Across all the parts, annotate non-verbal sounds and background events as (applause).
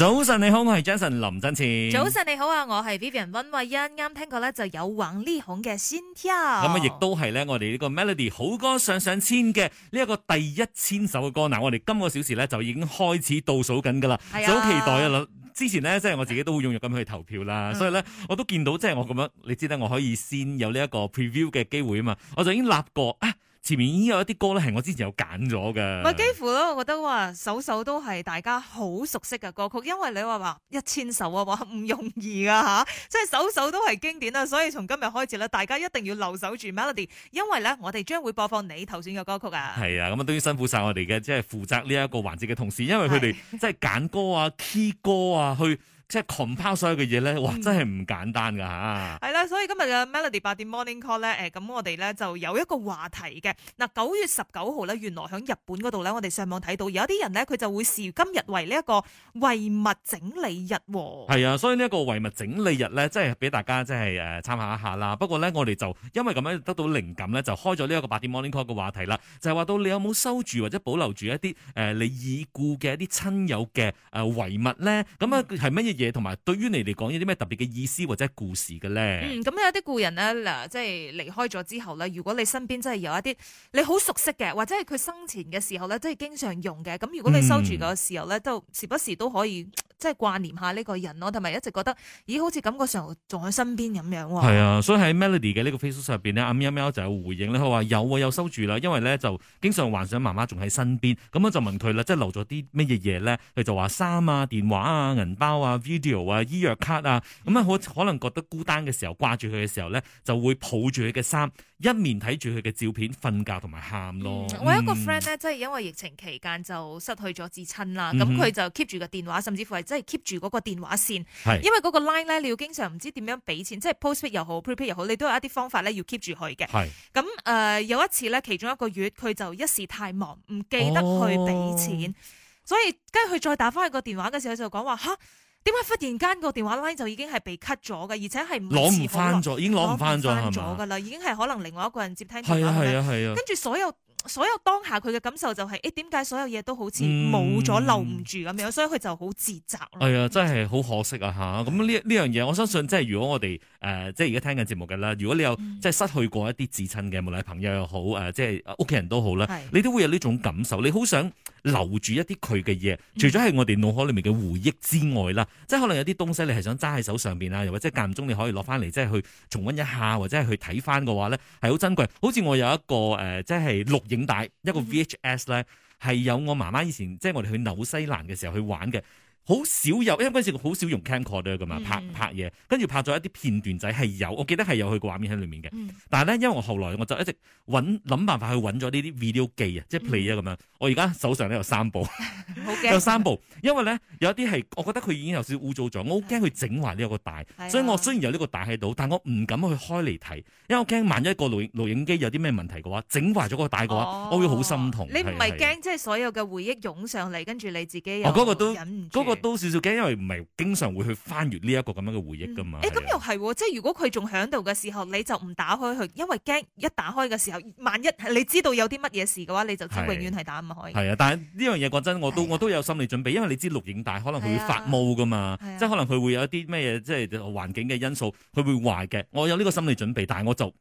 早晨，你好，我係 Jason 林真前。早晨你好啊，我係 Vivian 溫慧欣，啱聽過咧就有王力宏嘅心跳。咁啊，亦都係咧，我哋呢個 Melody 好歌上上籤嘅呢一個第一千首嘅歌，嗱，我哋今個小時咧就已經開始倒數緊噶啦，好期待了啊！之前咧，即係我自己都好踴躍咁去投票啦，嗯、所以咧，就是、我都見到即係我咁樣，你知得我可以先有呢一個 preview 嘅機會啊嘛，我就已經立過啊。前面已經有一啲歌咧，係我之前有揀咗嘅。咪幾乎咯，我覺得話首首都係大家好熟悉嘅歌曲，因為你話話一千首啊，話唔容易啊吓。即係首首都係經典啊，所以從今日開始咧，大家一定要留守住 Melody，因為咧我哋將會播放你投選嘅歌曲啊。係啊，咁啊，對於辛苦晒我哋嘅即係負責呢一個環節嘅同事，因為佢哋即係揀歌啊、是 key 歌啊去。即係 combine 所有嘅嘢咧，哇！真係唔簡單㗎嚇。係啦、嗯，所以今日嘅 Melody 八點 Morning Call 咧、呃，誒咁我哋咧就有一個話題嘅。嗱九月十九號咧，原來喺日本嗰度咧，我哋上網睇到有一啲人咧，佢就會視今日為呢一個遺物整理日、哦。係啊，所以呢一個遺物整理日咧，即係俾大家即係誒參考一下啦。不過咧，我哋就因為咁樣得到靈感咧，就開咗呢一個八點 Morning Call 嘅話題啦。就係、是、話到你有冇收住或者保留住一啲誒、呃、你已故嘅一啲親友嘅誒遺物咧？咁啊係乜嘢？嘢，同埋對於你嚟講有啲咩特別嘅意思或者故事嘅咧？嗯，咁有啲故人咧，嗱，即係離開咗之後咧，如果你身邊真係有一啲你好熟悉嘅，或者係佢生前嘅時候咧，即係經常用嘅，咁如果你收住嘅時候咧，都、嗯、時不時都可以。即係掛念下呢個人咯，同埋一直覺得，咦、哎，好似感覺上仲喺身邊咁樣喎。係啊，所以喺 Melody 嘅呢個 Facebook 上呢咧，喵喵、嗯嗯嗯嗯、就有回應咧，佢話有啊，有收住啦，因為咧就經常幻想媽媽仲喺身邊，咁我就問佢啦，即係留咗啲乜嘢嘢咧？佢就話衫啊、電話啊、銀包啊、video 啊、醫藥卡啊，咁樣可可能覺得孤單嘅時候掛住佢嘅時候咧，就會抱住佢嘅衫，一面睇住佢嘅照片瞓覺同埋喊咯、嗯。我有一個 friend 咧，嗯、即係因為疫情期間就失去咗至親啦，咁佢、嗯、哼就 keep 住個電話，甚至乎係。即係 keep 住嗰個電話線，是因為嗰個 line 咧，你要經常唔知點樣俾錢，即係 postpaid 又好，prepaid 又好，你都有一啲方法咧要 keep 住佢嘅。咁誒是、呃，有一次咧，其中一個月佢就一時太忙，唔記得去俾錢，哦、所以跟住佢再打翻去個電話嘅時候，佢就講話吓，點解忽然間個電話 line 就已經係被 cut 咗嘅，而且係攞唔翻咗，已經攞唔翻咗係嘛？噶啦，已經係可能另外一個人接聽電話啦。係啊係啊係啊！啊啊跟住所有。所有當下佢嘅感受就係、是，誒，點解所有嘢都好似冇咗，留唔住咁樣，所以佢就好自責。係啊、哎，真係好可惜啊吓，咁呢呢樣嘢，我相信即係如果我哋。誒、呃，即係而家聽緊節目嘅啦。如果你有即係失去過一啲至親嘅，無論係朋友又好，誒、呃，即係屋企人都好啦，是你都會有呢種感受。你好想留住一啲佢嘅嘢，除咗係我哋腦海裡面嘅回憶之外啦，嗯、即係可能有啲東西你係想揸喺手上邊啊，又或者係間唔中你可以攞翻嚟，即係去重溫一下，或者係去睇翻嘅話咧，係好珍貴。好似我有一個誒、呃，即係錄影帶一個 VHS 咧、嗯，係有我媽媽以前即係我哋去紐西蘭嘅時候去玩嘅。好少有，因為嗰陣時好少用 camcorder 㗎嘛，拍拍嘢，跟住拍咗一啲片段仔係有，我記得係有佢個畫面喺裡面嘅。嗯、但係咧，因為我後來我就一直揾諗辦法去揾咗呢啲 video 機啊，即係 play 啊咁樣。嗯、我而家手上都有三部， (laughs) 怕有三部，因為咧有一啲係我覺得佢已經有少污糟咗，我好驚佢整壞呢個帶，的所以我雖然有呢個帶喺度，但我唔敢去開嚟睇，因為我驚萬一個錄影錄影機有啲咩問題嘅話，整壞咗個帶嘅話，哦、我會好心痛。你唔係驚即係所有嘅回憶湧上嚟，跟住你自己又、哦那個、忍唔都少少驚，因為唔係經常會去翻閱呢一個咁樣嘅回憶噶嘛。誒、嗯，咁又係，係啊、即係如果佢仲喺度嘅時候，你就唔打開佢，因為驚一打開嘅時候，萬一你知道有啲乜嘢事嘅話，你就永遠係打唔開。係啊，但係呢樣嘢講真，我都的我都有心理準備，因為你知錄影帶可能佢會發毛噶嘛，即係可能佢會有一啲咩嘢，即係環境嘅因素，佢會壞嘅。我有呢個心理準備，但係我就。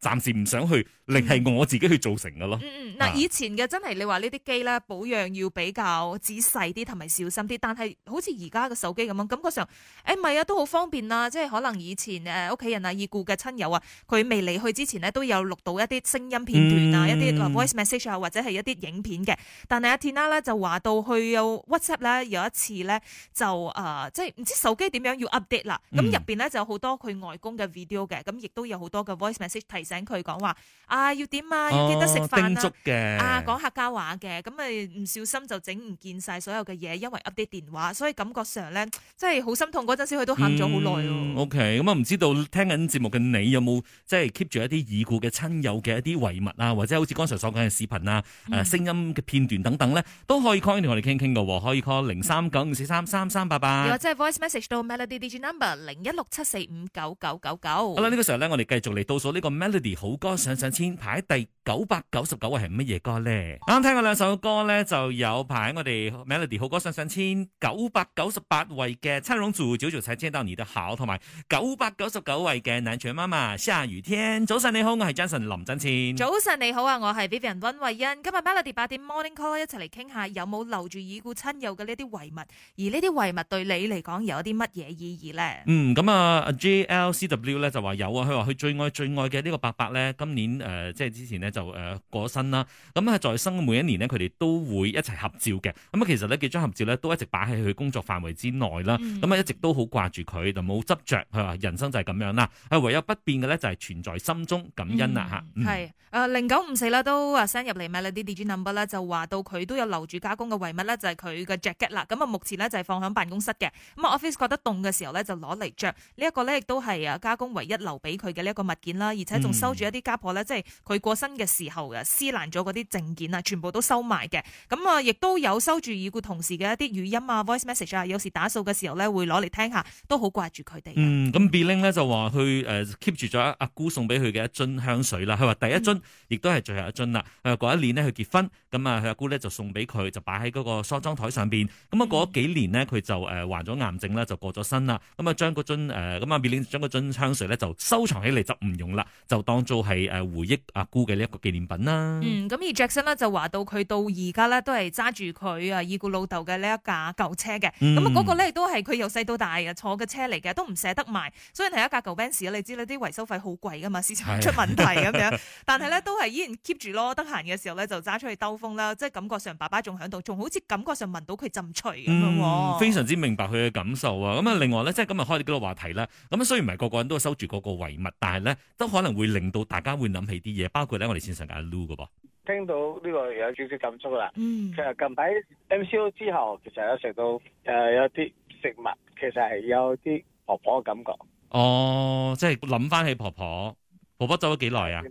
暫時唔想去，令係我自己去造成噶咯、嗯。嗯嗯，嗱，啊、以前嘅真係你話呢啲機咧保養要比較仔細啲同埋小心啲，但係好似而家嘅手機咁樣，感覺上誒唔係啊，都好方便啊！即係可能以前誒屋企人啊已故嘅親友啊，佢未離去之前呢，都有錄到一啲聲音片段啊，嗯、一啲 voice message 啊，或者係一啲影片嘅。但係阿 Tina 咧就話到佢有 WhatsApp 咧，有一次咧就誒、呃、即係唔知手機點樣要 update 啦，咁入邊咧就有好多佢外公嘅 video 嘅，咁亦都有好多嘅 voice message 提。請佢講話啊，要點啊，要記得食飯粥嘅，啊，講客家話嘅，咁咪唔小心就整唔見晒所有嘅嘢，因為 up 啲電話，所以感覺上咧，真係好心痛。嗰陣時佢都喊咗好耐咯。O K，咁啊，唔知道聽緊節目嘅你有冇即係 keep 住一啲已故嘅親友嘅一啲遺物啊，或者好似剛才所講嘅視頻啊、誒聲音嘅片段等等咧，都可以 call 同我哋傾傾噶，可以 call 零三九五四三三三八八，或者 voice message 到 melody DJ number 零一六七四五九九九九。好啦，呢個時候咧，我哋繼續嚟倒數呢個 melody。好歌上上籤排喺第九百九十九位係乜嘢歌咧？啱聽過兩首歌咧，就有排我哋 Melody 好歌上上籤九百九十八位嘅七龍住，早久才聽到你的好，同埋九百九十九位嘅南拳媽媽下雨天。早晨你好，我係 Jason 林振添。早晨你好啊，我係 Vivian 溫慧欣。今日 Melody 八點 Morning Call 一齊嚟傾下，有冇留住已故親友嘅呢啲遺物？而呢啲遺物對你嚟講，有啲乜嘢意義咧？嗯，咁啊 JLCW 咧就話有啊，佢話佢最愛最愛嘅呢個。伯伯咧，今年誒、呃、即係之前呢，就、呃、誒過身啦。咁啊，在生每一年呢，佢哋都會一齊合照嘅。咁啊，其實呢，幾張合照咧都一直擺喺佢工作範圍之內啦。咁啊、嗯，一直都好掛住佢，就冇執着。佢話人生就係咁樣啦。啊，唯有不變嘅咧就係存在心中感恩啊！吓、嗯，係、嗯。誒零九五四啦，都啊 send 入嚟咪啦啲 digit number 啦，就話到佢都有留住加工嘅遺物咧，就係、是、佢嘅 jacket 啦。咁啊，目前咧就係放喺辦公室嘅。咁啊，office 覺得凍嘅時候咧就攞嚟着。這個、呢一個咧亦都係啊加工唯一留俾佢嘅呢一個物件啦，而且仲，收住一啲家婆咧，即係佢過身嘅時候啊，撕爛咗嗰啲證件啊，全部都收埋嘅。咁啊，亦都有收住已故同事嘅一啲語音啊，voice message 啊。有時打掃嘅時候咧，會攞嚟聽下，都好掛住佢哋。嗯，咁 Billy 咧就話佢誒 keep 住咗阿姑送俾佢嘅一樽香水啦。佢話第一樽，亦都係最後一樽啦。誒，嗰一年呢，佢結婚，咁啊佢阿姑咧就送俾佢，就擺喺嗰個梳妝台上邊。咁啊過幾年呢，佢就誒患咗癌症啦，就過咗身啦。咁啊將嗰樽誒咁啊 Billy 將樽香水咧就收藏起嚟，就唔用啦，就。當做係誒回憶阿姑嘅呢一個紀念品啦。嗯，咁而 Jackson 咧就話到佢到而家咧都係揸住佢啊已故老豆嘅呢一架舊車嘅。咁啊嗰個咧都係佢由細到大啊坐嘅車嚟嘅，都唔捨得賣。雖然係一架舊 Benz，你知啦啲維修費好貴噶嘛，市場出問題咁樣。是啊、 (laughs) 但係咧都係依然 keep 住咯，得閒嘅時候咧就揸出去兜風啦，即係感覺上爸爸仲喺度，仲好似感覺上聞到佢浸除咁樣。嗯，非常之明白佢嘅感受啊。咁啊，另外咧即係今日開呢個話題啦。咁啊，雖然唔係個個人都收住嗰個遺物，但係咧都可能會。令到大家會諗起啲嘢，包括咧我哋線上嘅阿 Lu 嘅噃，聽到呢個有少少感觸啦。嗯，其實近排 MCO 之後，其實有食到誒、呃、有啲食物，其實係有啲婆婆嘅感覺。哦，即係諗翻起婆婆，婆婆走咗幾耐啊？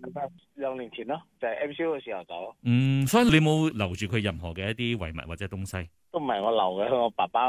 兩年前咯，就係、是、MCO 嘅時候走。嗯，所以你冇留住佢任何嘅一啲遺物或者東西都唔係我留嘅，我爸爸。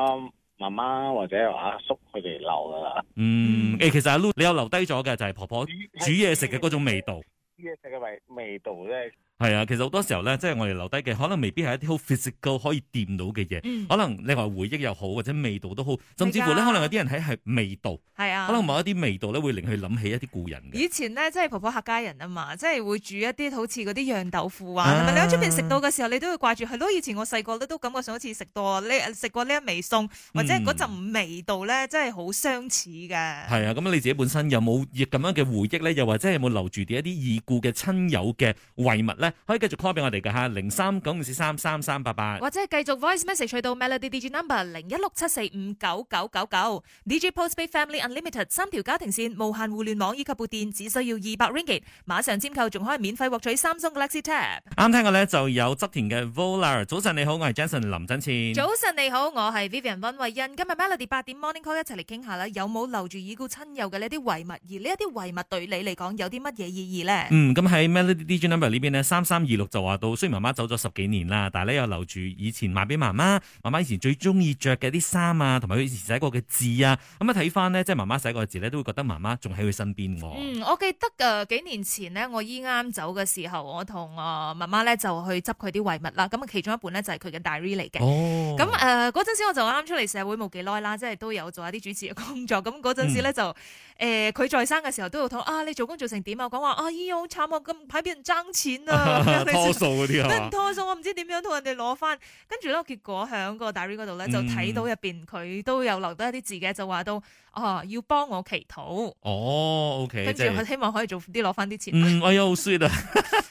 媽媽或者阿叔佢哋留噶啦，嗯，誒、嗯，其實阿 Lo 你有留低咗嘅就係、是、婆婆煮嘢食嘅嗰種味道，煮嘢食嘅味食味，味道咧、就是。係啊，其實好多時候咧，即係我哋留低嘅，可能未必係一啲好 physical 可以掂到嘅嘢，嗯、可能你話回憶又好，或者味道都好，甚至乎呢，的可能有啲人睇係味道，係啊的，可能某一啲味道咧會令佢諗起一啲故人嘅。以前咧，即係婆婆客家人啊嘛，即係會煮一啲好似嗰啲釀豆腐啊，啊是是你喺出邊食到嘅時候，你都會掛住係咯。以前我細個都感覺上好似食到你食過呢一味餸，或者嗰陣味道咧，嗯、真係好相似嘅。係啊，咁你自己本身有冇咁樣嘅回憶咧？又或者有冇留住啲一啲已故嘅親友嘅遺物咧？可以繼續 call 俾我哋嘅吓零三九五四三三三八八，或者係繼續 voice message 去到 Melody 99, Digi number 零一六七四五九九九九 Digi Postpaid Family Unlimited 三條家庭綫無限互聯網以及撥電只需要二百 Ringgit，馬上簽購仲可以免費獲取三星嘅 Galaxy Tab。啱聽嘅咧就有側田嘅 Volar，早晨你好，我係 Jason 林振前。早晨你好，我係 Vivian 溫慧欣。今日 Melody 八點 Morning Call 一齊嚟傾下啦，有冇留住已故親友嘅呢啲遺物？而呢一啲遺物對你嚟講有啲乜嘢意義咧？嗯，咁喺 Melody Digi number 呢邊呢。三三二六就話到，雖然媽媽走咗十幾年啦，但係咧又留住以前買俾媽媽，媽媽以前最中意着嘅啲衫啊，同埋佢以前寫過嘅字啊，咁啊睇翻呢，即係媽媽寫過嘅字咧，都會覺得媽媽仲喺佢身邊，啊。嗯，我記得誒、呃、幾年前呢，我姨啱啱走嘅時候，我同我媽媽咧就去執佢啲遺物啦。咁其中一本呢，就係佢嘅 diary 嚟嘅。咁嗰陣時我就啱出嚟社會冇幾耐啦，即係都有做一啲主持嘅工作。咁嗰陣時呢，就誒佢在生嘅時候都要同我啊你做工做成點啊，講話啊姨啊好慘啊，咁派俾人爭錢啊。 (music) 拖數嗰啲啊，跟住拖數我唔知點樣同人哋攞翻，跟住咧結果響個大 a 嗰度咧就睇到入邊佢都有留低一啲字嘅，嗯、就話到哦要幫我祈禱，哦 OK，跟住佢希望可以做啲攞翻啲錢，嗯，哎呀好衰啊，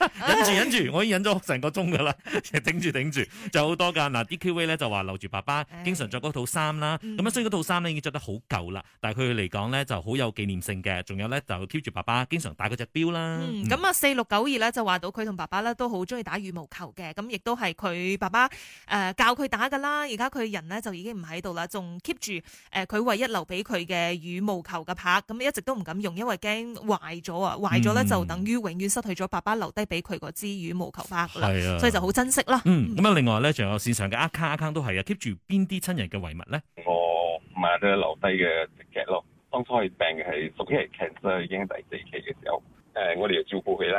(laughs) (laughs) 忍住忍住，我已經忍咗成個鐘噶啦，成頂住頂住的就好多噶，嗱 DQV 咧就話留住爸爸經常着嗰套衫啦，咁啊所以嗰套衫咧已經着得好舊啦，嗯、但係佢嚟講咧就好有紀念性嘅，仲有咧就 keep 住爸爸經常戴嗰隻表啦，咁啊四六九二咧就話到佢同爸爸。爸爸都好中意打羽毛球嘅，咁亦都係佢爸爸誒教佢打噶啦。而家佢人咧就已經唔喺度啦，仲 keep 住誒佢唯一留俾佢嘅羽毛球嘅拍，咁一直都唔敢用，因為驚壞咗啊！壞咗咧就等於永遠失去咗爸爸留低俾佢嗰支羽毛球拍啦，嗯、所以就好珍惜啦。啊、嗯，咁啊，另外咧仲有線上嘅 account account 都係啊，keep 住邊啲親人嘅遺物咧？我唔係咧留低嘅劇咯，當初佢病嘅係屬於係癌症，已經第四期嘅時候，誒，我哋又照顧佢咧。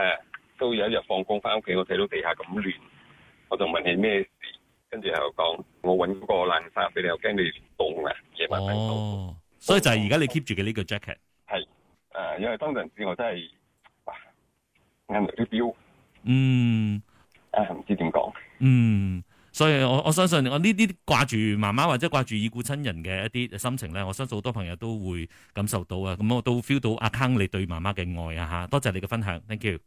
都有一日放工返屋企，我睇到地下咁亂，我就問你咩事？跟住，又講我搵個爛衫俾你，又驚你凍啊。夜晚低到，所以就係而家你 keep 住嘅呢個 jacket 係誒、呃，因為當陣時我真係硬落啲表，嗯誒唔、啊、知點講，嗯，所以我我相信我呢啲掛住媽媽或者掛住已故親人嘅一啲心情咧，我相信好多朋友都會感受到啊。咁我都 feel 到阿坑你對媽媽嘅愛啊，吓，多謝你嘅分享，thank you。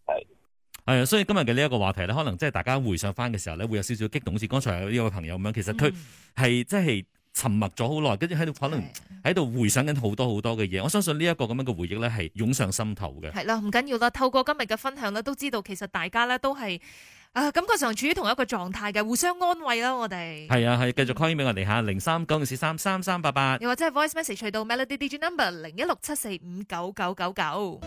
係、嗯，所以今日嘅呢一個話題咧，可能即係大家回想翻嘅時候咧，會有少少激動，好似剛才呢個朋友咁樣。其實佢係即係沉默咗好耐，跟住喺度可能喺度回想緊好多好多嘅嘢。我相信呢一個咁樣嘅回憶咧，係湧上心頭嘅。係咯、啊，唔緊要啦。透過今日嘅分享咧，都知道其實大家咧都係啊，感覺上處於同一個狀態嘅，互相安慰啦，我哋。係、嗯、啊，係繼續 call 俾我哋吓，零三九二四三三三八八。又或者 voice message 去到 Melody Digi Number 零一六七四五九九九九。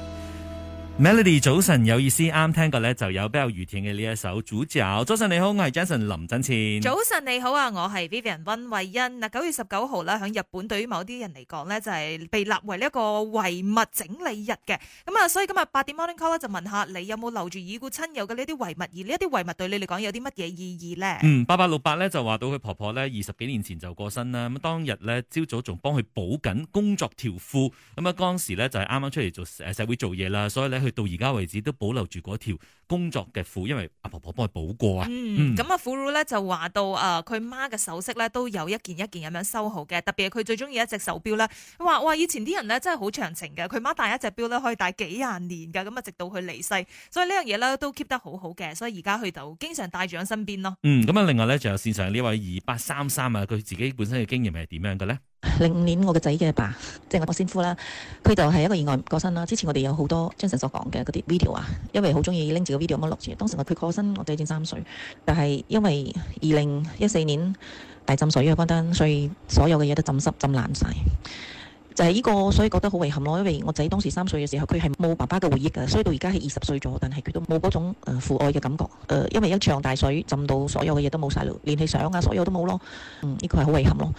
Melody 早晨有意思啱聽過咧，就有比較抒情嘅呢一首主教。早晨你好，我係 Jason 林振前。早晨你好啊，我係 Vivian 溫慧欣。嗱，九月十九號啦，響日本對於某啲人嚟講呢，就係、是、被立為呢一個遺物整理日嘅。咁、嗯、啊，所以今日八點 morning call 就問下你有冇留住已故親友嘅呢啲遺物，而呢一啲遺物對你嚟講有啲乜嘢意義呢？嗯，八八六八呢就話到佢婆婆呢，二十幾年前就過身啦，咁當日呢，朝早仲幫佢補緊工作條褲，咁啊當時呢就係啱啱出嚟做社會做嘢啦，所以呢。佢到而家為止都保留住嗰條。工作嘅苦，因為阿婆婆幫佢補過、嗯嗯、啊。咁啊，婦孺咧就話到誒，佢媽嘅首飾咧都有一件一件咁樣收好嘅，特別係佢最中意一隻手錶啦。佢話哇，以前啲人咧真係好長情嘅，佢媽戴一隻錶咧可以戴幾廿年嘅，咁啊直到佢離世，所以這呢樣嘢咧都 keep 得好好嘅，所以而家佢就經常帶住喺身邊咯。嗯，咁、嗯、啊，另外咧就有線上呢位二八三三啊，佢自己本身嘅經驗係點樣嘅咧？零五年我嘅仔嘅爸，即係我我先夫啦，佢就係一個意外過身啦。之前我哋有好多張晨所講嘅嗰啲 video 啊，因為好中意拎個 video 我當時佢過身，我仔先三歲，但係因為二零一四年大浸水啊，關單，所以所有嘅嘢都浸濕浸爛晒，就係呢個，所以覺得好遺憾咯。因為我仔當時三歲嘅時候，佢係冇爸爸嘅回憶噶，所以到而家係二十歲咗，但係佢都冇嗰種誒、呃、父愛嘅感覺。誒、呃，因為一場大水浸到所有嘅嘢都冇晒咯，連起相啊，所有都冇咯。嗯，呢個係好遺憾咯。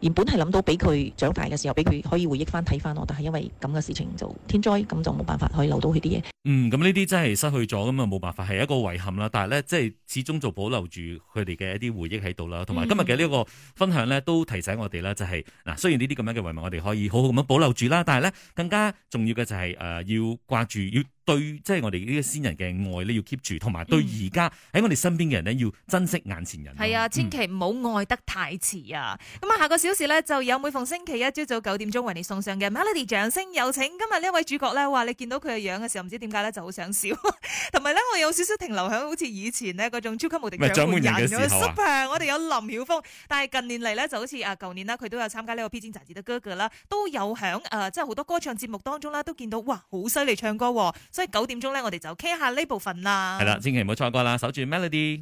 原本係諗到俾佢長大嘅時候，俾佢可以回憶翻睇翻咯，但係因為咁嘅事情就天災，咁就冇辦法可以留到佢啲嘢。嗯，咁呢啲真係失去咗，咁啊冇辦法，係一個遺憾啦。但係咧，即係始終就保留住佢哋嘅一啲回憶喺度啦。同埋今日嘅呢個分享咧，都提醒我哋啦，就係、是、嗱，雖然呢啲咁樣嘅遺物，我哋可以好好咁樣保留住啦。但係咧，更加重要嘅就係、是、誒、呃、要掛住，要對即係、就是、我哋呢啲先人嘅愛咧，要 keep 住，同埋對而家喺我哋身邊嘅人咧，要珍惜眼前人。係啊、嗯，嗯、千祈唔好愛得太遲啊！咁啊，下個小時咧，就有每逢星期一朝早九點鐘為你送上嘅 Melody 掌聲，有請，今日呢位主角咧。話你見到佢嘅樣嘅時候，唔知點解？就好想笑，同埋咧我有少少停留喺好似以前呢嗰種超級無敵掌門人嘅時候。Super! 我哋有林曉峰，但係近年嚟咧就好似啊舊年啦，佢都有參加呢個《披荊斬棘》的哥哥啦，都有響誒即係好多歌唱節目當中啦，都見到哇好犀利唱歌。所以九點鐘咧，我哋就傾下呢部分啦。係啦，千祈唔好錯過啦，守住 melody。